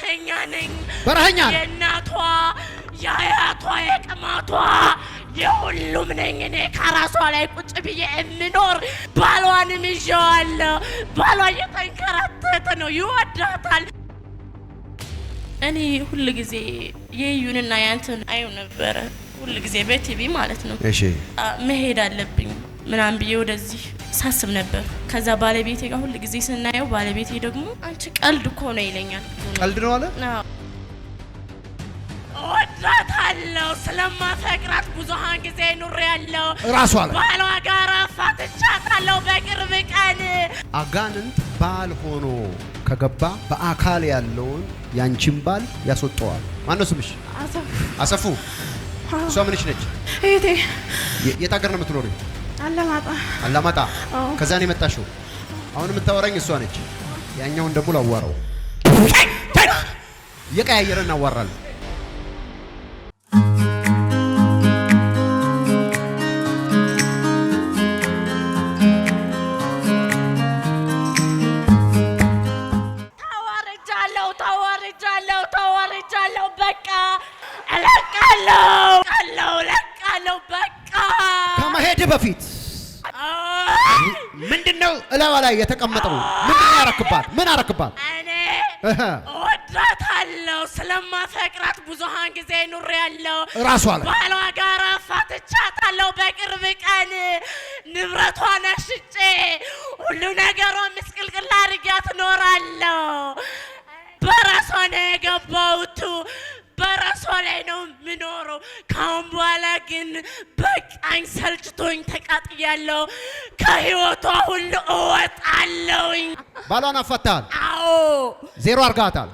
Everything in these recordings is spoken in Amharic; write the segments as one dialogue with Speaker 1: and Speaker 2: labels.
Speaker 1: በረኸኛ ነኝ። በረኸኛ የእናቷ የአያቷ የቅማቷ የሁሉም ነኝ። እኔ ከራሷ ላይ ቁጭ ብዬ የምኖር ባሏንም ይዤዋለሁ። ባሏ እየተንከራተተ ነው፣ ይወዳታል። እኔ ሁል ጊዜ የዩንና ያንትን አዩ ነበረ፣ ሁል ጊዜ በቲቪ ማለት ነው። መሄድ አለብኝ ምናምን ብዬ ወደዚህ ሳስብ ነበር። ከዛ ባለቤቴ ጋር ሁል ጊዜ ስናየው ባለቤቴ ደግሞ አንቺ ቀልድ እኮ ነው ይለኛል። ቀልድ ነው አለ። እወዳታለሁ፣ ስለማፈቅራት ብዙሀን ጊዜ ኑር ያለው ራሷ ባሏ ጋር አፋትቻታለሁ በቅርብ ቀን።
Speaker 2: አጋንንት ባል ሆኖ ከገባ በአካል ያለውን ያንቺን ባል ያስወጠዋል። ማነው ስምሽ? አሰፉ። አሰፉ እሷ ምንሽ ነች? እህቴ። የት ሀገር ነው የምትኖሪው? አላማጣ አላማጣ። ከዛ ነው የመጣሽው። አሁን የምታወራኝ እሷ ነች። ያኛውን ደግሞ ላዋራው እየቀያየረ እናዋራለን።
Speaker 1: ተዋርጃለሁ፣ ተዋርጃለሁ፣ ተዋርጃለሁ። በቃ እለቃለሁ።
Speaker 2: ከመሄድ በፊት ምንድነው እላዋ ላይ የተቀመጠው? ምንድነው ያረክባት? ምን አረክባት?
Speaker 1: እኔ ወዳታለሁ፣ ስለማፈቅራት ብዙሃን ጊዜ ኑር ያለው ራሷ ላይ ባሏ ጋር አፋትቻታለሁ። በቅርብ ቀን ንብረቷን አሽጬ ሁሉ ነገሯ ምስቅልቅል አድርጊያ ትኖራለሁ። በራሷ ነው የገባውቱ ላይ ነው የምኖረው። ካሁን በኋላ ግን በቃኝ፣ ሰልችቶኝ ተቃጥያለሁ። ከህይወቷ ሁሉ እወጣለሁኝ።
Speaker 2: ባሏን አፈታል። አዎ ዜሮ አርጋታል።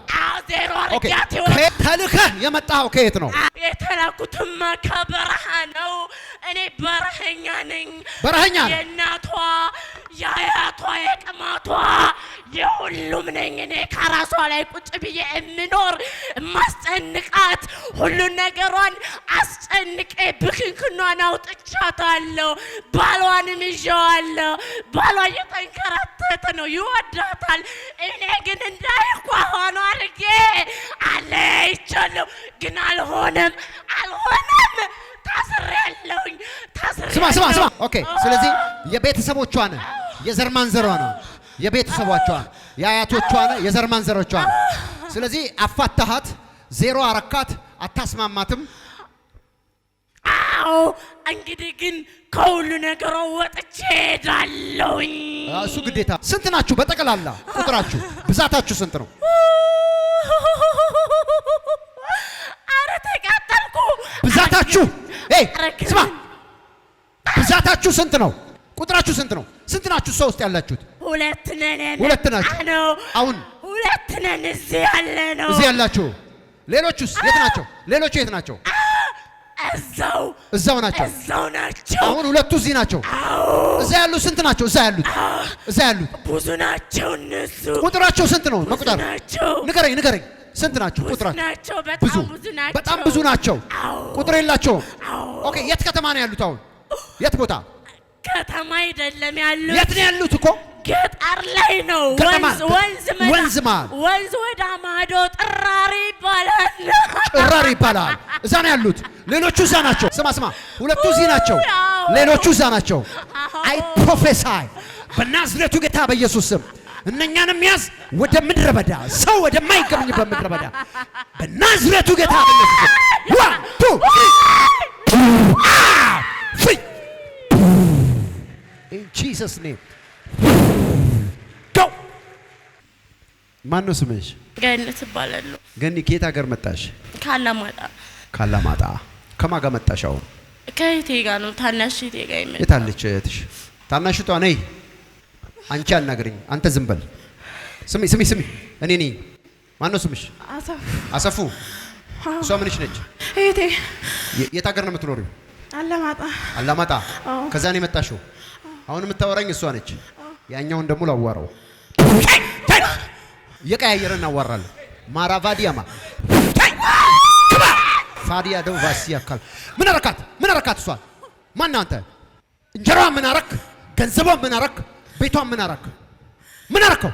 Speaker 2: ተልከህ የመጣኸው ከየት ነው?
Speaker 1: የተላኩትማ ከበረሃ ነው። እኔ በረሀኛ ነኝ። በረሀኛ የእናቷ የአያቷ የቅማቷ የሁሉም ነኝ እኔ ከራሷ ላይ ቁጭ ብዬ የምኖር ማስጨንቃት ሁሉን ነገሯን አስጨንቄ ብክንክኗን አውጥቻታለሁ። ባሏንም ይዤዋለሁ። ባሏ እየተንከራተተ ነው፣ ይወዳታል። እኔ ግን እንዳይኳሆኑ አድርጌ አለይቻለሁ። ግን አልሆነም፣ አልሆነም። ታስሬያለሁኝ።
Speaker 2: ስማ ስማ ስማ። ኦኬ። ስለዚህ የቤተሰቦቿ ነው የዘር ማንዘሯ ነው የቤተሰቦቿን፣ የአያቶቿን፣ የዘር ማንዘሮቿን። ስለዚህ አፋታሃት፣ ዜሮ አረካት፣ አታስማማትም።
Speaker 1: አዎ እንግዲህ ግን ከሁሉ ነገሯ ወጥቼ ሄዳለሁኝ።
Speaker 2: እሱ ግዴታ። ስንት ናችሁ በጠቅላላ ቁጥራችሁ፣ ብዛታችሁ ስንት ነው?
Speaker 1: አረ ተቃጠልኩ።
Speaker 2: ብዛታችሁ ስማ፣ ብዛታችሁ ስንት ነው? ቁጥራችሁ ስንት ነው? ስንት ናችሁ እሷ ውስጥ ያላችሁት?
Speaker 1: ሁለት ነን
Speaker 2: ሁለት ናችሁ። አሁን
Speaker 1: ሁለት ነን እዚህ ያለ
Speaker 2: ነው እዚህ ያላችሁ። ሌሎቹስ የት ናቸው? ሌሎቹ የት ናቸው? እዛው እዛው ናቸው። አሁን ሁለቱ እዚህ ናቸው። እዛ ያሉት ስንት ናቸው? እዛ ያሉት እዛ ያሉት
Speaker 1: ብዙ ናቸው። እነሱ
Speaker 2: ቁጥራቸው ስንት ነው? መቁጠር ንገረኝ፣ ንገረኝ ስንት ናቸው?
Speaker 1: ቁጥራቸው ብዙ
Speaker 2: በጣም ብዙ ናቸው። ቁጥር የላቸውም። ኦኬ፣ የት ከተማ ነው ያሉት? አሁን የት ቦታ
Speaker 1: ከተማ አይደለም ያሉት።
Speaker 2: የት ነው ያሉት እኮ
Speaker 1: ገጠር ላይ ነው።
Speaker 2: ወንዝ መሀል
Speaker 1: ወንዝ ወደ ማዶ ይባላል።
Speaker 2: ይባላል። እዛ ነው ያሉት። ሌሎቹ እዛ ናቸው። ስማ ስማ፣ ሁለቱ እዚህ ናቸው፣ ሌሎቹ እዛ ናቸው። አይ ፕሮፌሳይ በናዝሬቱ ጌታ በኢየሱስ ስም እነኛንም ያዝ ወደ ምድረ በዳ ሰው ወደማይገኝበት ምድረ በዳ በናዝሬቱ ጌታ ስም ኢን ጂሰስ ኔም ማን ነው ስምሽ?
Speaker 1: ገነት እባላለሁ።
Speaker 2: ገኒ ከየት ሀገር መጣሽ? ካላማጣ። ካላማጣ ከማን ጋር መጣሽ? አሁን
Speaker 1: ከእህቴ ጋር ነው፣ ታናሽ እህቴ ጋር ይመጣ።
Speaker 2: የት አለች እህትሽ? ታናሽቷ ነይ። አንቺ አናግሪኝ፣ አንተ ዝም በል። ስሚ ስሚ ስሚ፣ እኔ ነኝ። ማን ነው ስምሽ? አሰፉ። አሰፉ። እሷ ምንሽ ነች? እህቴ። የት ሀገር ነው የምትኖሪው? አላማጣ። አላማጣ። ከዛ ነው የመጣሽው? አሁን የምታወራኝ እሷ ነች። ያኛውን ደግሞ ላዋራው እየቀያየረ ማራ ቫዲያማ ፋዲያ ደው ቫሲ ካል ምን አረካት? ምን አረካት? እሷ ማን አንተ? እንጀራ ምን አረክ? ገንዘቧ ምን አረክ? ቤቷ ምን አረክ? ምን አረከው?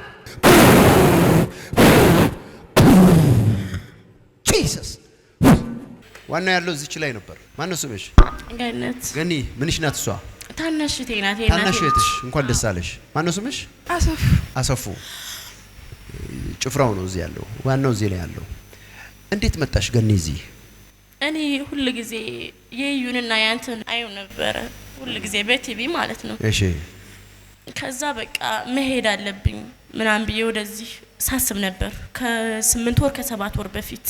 Speaker 2: ጂሰስ ዋና ያለው እዚች ላይ ነበር። ማነው ስምሽ? ገነት ገኒ። ምንሽ ናት እሷ?
Speaker 1: ታናሽ ቴናቴ።
Speaker 2: ታናሽ እህትሽ። እንኳን ደስ አለሽ። ማነው ስምሽ? አሰፉ አሰፉ ጭፍራው ነው እዚህ ያለው፣ ዋናው እዚህ ላይ ያለው። እንዴት መጣሽ ገኒ እዚህ?
Speaker 1: እኔ ሁል ጊዜ የዩንና ያንተን አዩ ነበረ፣ ሁል ጊዜ በቲቪ ማለት ነው። እሺ ከዛ በቃ መሄድ አለብኝ ምናምን ብዬ ወደዚህ ሳስብ ነበር ከስምንት ወር ከሰባት ወር በፊት።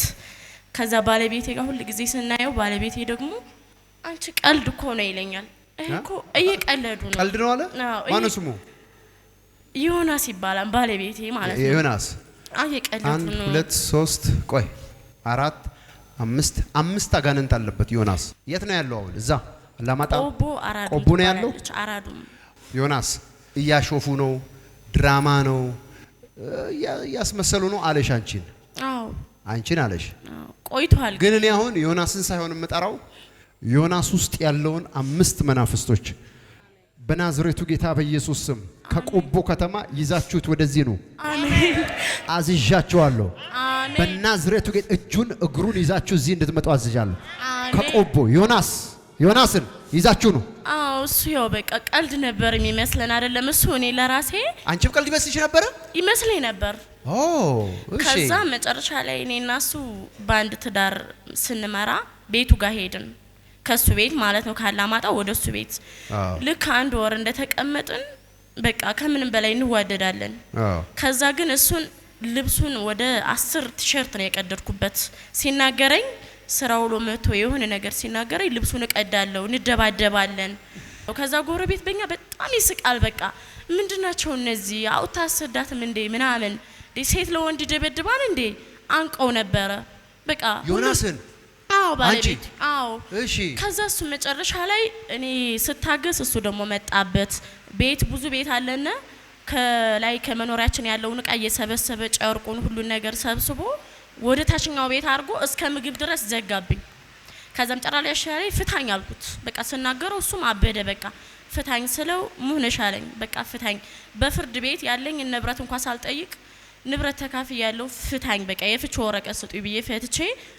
Speaker 1: ከዛ ባለቤቴ ጋር ሁል ጊዜ ስናየው ባለቤቴ ደግሞ አንቺ ቀልድ እኮ ነው ይለኛል። እኮ እየቀለዱ
Speaker 2: ነው። ቀልድ ነው አለ። ማነው ስሙ?
Speaker 1: ዮናስ ይባላል ባለቤቴ ማለት
Speaker 2: ነው። ዮናስ አንድ ሁለት ሶስት ቆይ አራት አምስት አምስት አጋንንት አለበት ዮናስ። የት ነው ያለው አሁን? እዛ አላማጣ ቆቦ ነው ያለው ዮናስ። እያሾፉ ነው፣ ድራማ ነው፣ እያስመሰሉ ነው አለሽ። አንቺን አንቺን አለሽ ቆይቷል። ግን እኔ አሁን ዮናስን ሳይሆን የምጠራው ዮናስ ውስጥ ያለውን አምስት መናፍስቶች በናዝሬቱ ጌታ በኢየሱስ ስም ከቆቦ ከተማ ይዛችሁት ወደዚህ ነው። አሜን። አዝዣችኋለሁ። አሜን። በናዝሬቱ ጌታ እጁን እግሩን ይዛችሁ እዚህ እንድትመጡ አዝዣለሁ። ከቆቦ ዮናስ ዮናስን ይዛችሁ ነው።
Speaker 1: አዎ እሱ ያው በቃ ቀልድ ነበር የሚመስለን አይደለም። እሱ እኔ ለራሴ
Speaker 2: አንቺም ቀልድ ይመስልሽ ነበረ?
Speaker 1: ይመስለኝ ነበር። ኦ እሺ። ከዛ መጨረሻ ላይ እና እሱ በአንድ ትዳር ስንመራ ቤቱ ጋር ሄድን። ከሱ ቤት ማለት ነው ካላማጣ ወደ እሱ ቤት ልክ አንድ ወር እንደተቀመጥን በቃ ከምንም በላይ እንዋደዳለን። ከዛ ግን እሱን ልብሱን ወደ አስር ቲሸርት ነው የቀደድኩበት። ሲናገረኝ ስራ ውሎ መቶ የሆነ ነገር ሲናገረኝ ልብሱን እቀዳለሁ፣ እንደባደባለን። ከዛ ጎረቤት በኛ በጣም ይስቃል። በቃ ምንድናቸው እነዚህ አውታ አሰዳትም እንዴ ምናምን ሴት ለወንድ ደበድባል እንዴ አንቀው ነበረ በቃ ዮናስን አዎ ባለቤት።
Speaker 2: አዎ እሺ።
Speaker 1: ከዛ እሱ መጨረሻ ላይ እኔ ስታገስ እሱ ደግሞ መጣበት። ቤት ብዙ ቤት አለና ከላይ ከመኖሪያችን ያለውን እቃ እየሰበሰበ ጨርቁን፣ ሁሉን ነገር ሰብስቦ ወደ ታችኛው ቤት አድርጎ እስከ ምግብ ድረስ ዘጋብኝ። ከዛም ጨራሽ ላይ ፍታኝ አልኩት። በቃ ስናገረው እሱም አበደ። በቃ ፍታኝ ስለው ሙህነሻለኝ በቃ ፍታኝ። በፍርድ ቤት ያለኝ ንብረት እንኳን ሳልጠይቅ ንብረት ተካፍ ያለው ፍታኝ በቃ የፍች ወረቀት ስጡኝ ብዬ ፈትቼ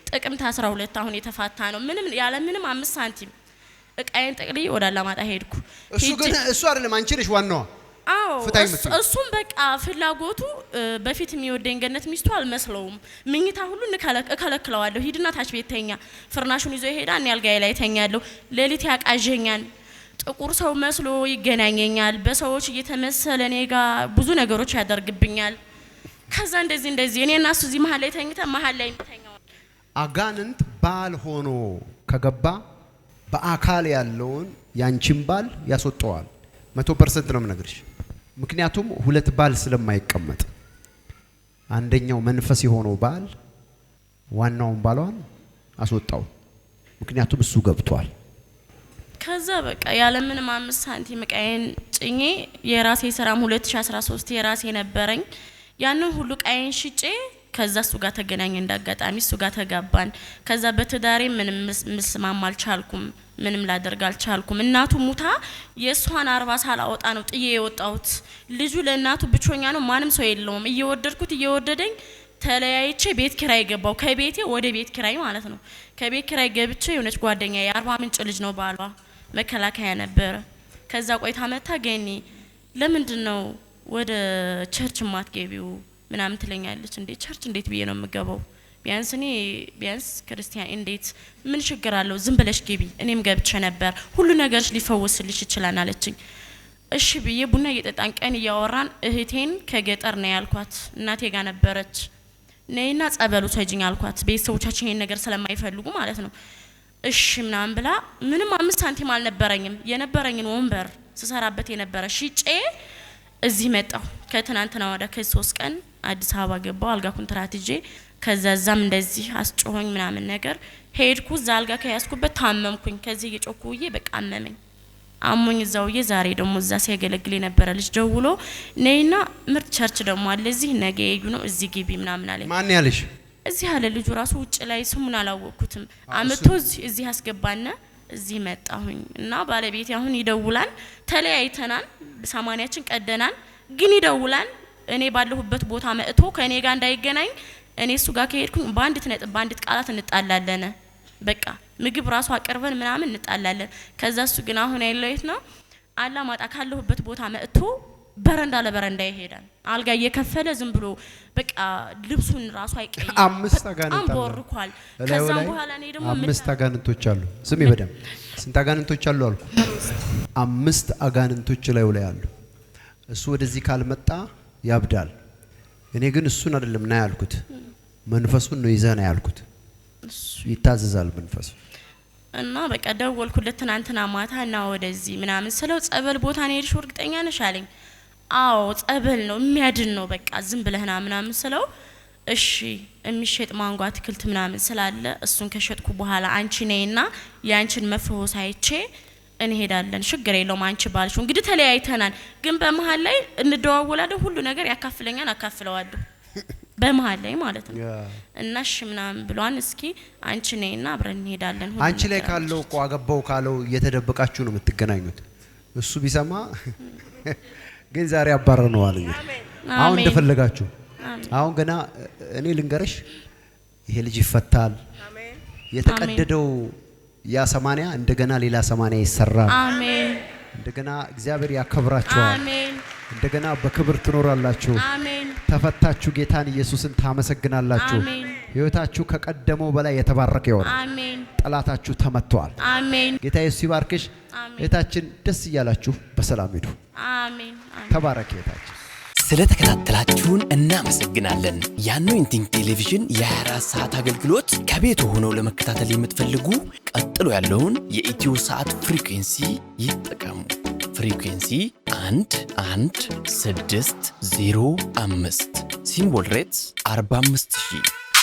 Speaker 1: ጥቅምት 12 አሁን የተፋታ ነው። ምንም ያለ ምንም አምስት ሳንቲም እቃዬን ጠቅልዬ ወደ አላማጣ ሄድኩ።
Speaker 2: እሱ ግን እሱ አይደለም አንቺ ነሽ ዋናዋ።
Speaker 1: አዎ እሱም በቃ ፍላጎቱ በፊት የሚወደኝ ገነት ሚስቱ አልመስለውም። ምኝታ ሁሉ እከለክለዋለሁ። ሂድና ታች ቤት ተኛ። ፍርናሹን ይዞ ይሄዳ፣ እኔ አልጋዬ ላይ ተኛለሁ። ሌሊት ያቃዠኛል። ጥቁር ሰው መስሎ ይገናኘኛል። በሰዎች እየተመሰለ እኔ ጋር ብዙ ነገሮች ያደርግብኛል። ከዛ እንደዚህ እንደዚህ እኔ እና እሱ እዚህ መሀል ላይ ተኝተ መሀል ላይ
Speaker 2: አጋንንት ባል ሆኖ ከገባ በአካል ያለውን ያንቺን ባል ያስወጣዋል። መቶ ፐርሰንት ነው የምነግርሽ። ምክንያቱም ሁለት ባል ስለማይቀመጥ አንደኛው መንፈስ የሆነው ባል ዋናውን ባሏን አስወጣው። ምክንያቱም እሱ ገብቷል።
Speaker 1: ከዛ በቃ ያለምንም አምስት ሳንቲም ዕቃዬን ጭኜ የራሴ ስራም 2013 የራሴ ነበረኝ ያንን ሁሉ ቃይን ሽጬ ከዛ እሱ ጋር ተገናኘ። እንዳጋጣሚ እሱ ጋር ተጋባን። ከዛ በትዳሬ ምንም ምስማም አልቻልኩም። ምንም ላደርግ አልቻልኩም። እናቱ ሙታ የእሷን አርባ ሳላወጣ ነው ጥዬ የወጣሁት። ልጁ ለእናቱ ብቸኛ ነው፣ ማንም ሰው የለውም። እየወደድኩት እየወደደኝ ተለያይቼ ቤት ኪራይ ገባው። ከቤቴ ወደ ቤት ኪራይ ማለት ነው። ከቤት ኪራይ ገብቼ የሆነች ጓደኛ የአርባ ምንጭ ልጅ ነው ባሏ፣ መከላከያ ነበረ። ከዛ ቆይታ መታ ገኔ ለምንድን ነው ወደ ቸርች ማትገቢው ምናምን ትለኛለች። እንዴ ቸርች እንዴት ብዬ ነው የምገባው? ቢያንስ እኔ ቢያንስ ክርስቲያን እንዴት ምን ችግር አለው? ዝም ብለሽ ገቢ እኔም ገብቼ ነበር ሁሉ ነገርሽ ሊፈወስልሽ ይችላል አለችኝ። እሺ ብዬ ቡና እየጠጣን ቀን እያወራን እህቴን ከገጠር ነው ያልኳት። እናቴ ጋር ነበረች። ነይና ጸበሉ ተጅኝ አልኳት። ቤተሰቦቻችን ይህን ነገር ስለማይፈልጉ ማለት ነው። እሺ ምናምን ብላ ምንም አምስት ሳንቲም አልነበረኝም። የነበረኝን ወንበር ስሰራበት የነበረ ሽጬ እዚህ መጣሁ። ከትናንትና ወደ ከሶስት ቀን አዲስ አበባ ገባሁ። አልጋ ኮንትራት ይዤ ከዛ ዛም እንደዚህ አስጮሆኝ ምናምን ነገር ሄድኩ። እዛ አልጋ ከያዝኩበት ታመምኩኝ። ከዚህ እየጮኩ ውዬ በቃ አመመኝ አሞኝ እዛ ውዬ። ዛሬ ደግሞ እዛ ሲያገለግል የነበረ ልጅ ደውሎ ነይና ምርጥ ቸርች ደግሞ አለ እዚህ ነገ የዩ ነው እዚህ ግቢ ምናምን
Speaker 2: አለኝ። ማን ያለሽ?
Speaker 1: እዚህ አለ ልጁ ራሱ ውጭ ላይ ስሙን አላወቅኩትም። አመቶ እዚህ ያስገባና እዚህ መጣሁኝ እና ባለቤቴ አሁን ይደውላል። ተለያይተናል፣ ሰማንያችን ቀደናል። ግን ይደውላል። እኔ ባለሁበት ቦታ መጥቶ ከእኔ ጋር እንዳይገናኝ እኔ እሱ ጋር ከሄድኩኝ በአንዲት ነጥብ በአንዲት ቃላት እንጣላለን። በቃ ምግብ ራሱ አቅርበን ምናምን እንጣላለን። ከዛ እሱ ግን አሁን ያለው የት ነው አላማጣ ካለሁበት ቦታ መጥቶ በረንዳ ለበረንዳ ይሄዳል። አልጋ እየከፈለ ዝም ብሎ በቃ ልብሱን ራሱ
Speaker 2: አይቀይም። አምስት አጋንንት
Speaker 1: ቦርኳል። ከዛም በኋላ እኔ
Speaker 2: ደግሞ አምስት አጋንንቶች አሉ። ስሜ በደምብ ስንት አጋንንቶች አሉ አልኩ? አምስት አጋንንቶች ላይ ላይ አሉ። እሱ ወደዚህ ካልመጣ ያብዳል። እኔ ግን እሱን አይደለም ና ያልኩት፣ መንፈሱን ነው ይዘህ ና ያልኩት። ይታዘዛል መንፈሱ
Speaker 1: እና በቃ ደወልኩለት ትናንትና ማታ እና ወደዚህ ምናምን ስለው ጸበል ቦታ ነው የሄድሽው እርግጠኛ ነሽ አለኝ። አዎ ጸበል ነው የሚያድን ነው በቃ ዝም ብለህና ምናምን ስለው እሺ የሚሸጥ ማንጎ አትክልት ምናምን ስላለ እሱን ከሸጥኩ በኋላ አንቺ ነይና የአንቺን መፍሆ ሳይቼ እንሄዳለን ችግር የለውም አንቺ ባልሽ እንግዲህ ተለያይተናል ግን በመሀል ላይ እንደዋወላለን ሁሉ ነገር ያካፍለኛል አካፍለዋለሁ በመሀል ላይ ማለት ነው እና እሺ ምናምን ብሏን እስኪ አንቺ ነይና አብረን እንሄዳለን
Speaker 2: አንቺ ላይ ካለው እኮ አገባው ካለው እየተደበቃችሁ ነው የምትገናኙት እሱ ቢሰማ ግን ዛሬ አባረነዋል። አሁን እንደፈለጋችሁ አሁን ገና እኔ ልንገርሽ፣ ይሄ ልጅ ይፈታል። የተቀደደው ያ ሰማንያ እንደገና ሌላ ሰማንያ ይሰራል። እንደገና እግዚአብሔር ያከብራችኋል። እንደገና በክብር ትኖራላችሁ። ተፈታችሁ ጌታን ኢየሱስን ታመሰግናላችሁ። ህይወታችሁ ከቀደመው በላይ የተባረከ ይሆናል። አሜን። ጠላታችሁ ተመቷል። አሜን። ጌታ ኢየሱስ ይባርክሽ። እህታችን ደስ እያላችሁ በሰላም ሂዱ። አሜን። ተባረክ እህታችን።
Speaker 3: ስለተከታተላችሁን እናመሰግናለን። የአኖይንቲንግ ቴሌቪዥን የ24 ሰዓት አገልግሎት ከቤት ሆነው ለመከታተል የምትፈልጉ ቀጥሎ ያለውን የኢትዮ ሰዓት ፍሪኩንሲ ይጠቀሙ። ፍሪኩንሲ 1 1 6 0 5 ሲምቦል ሬትስ 45000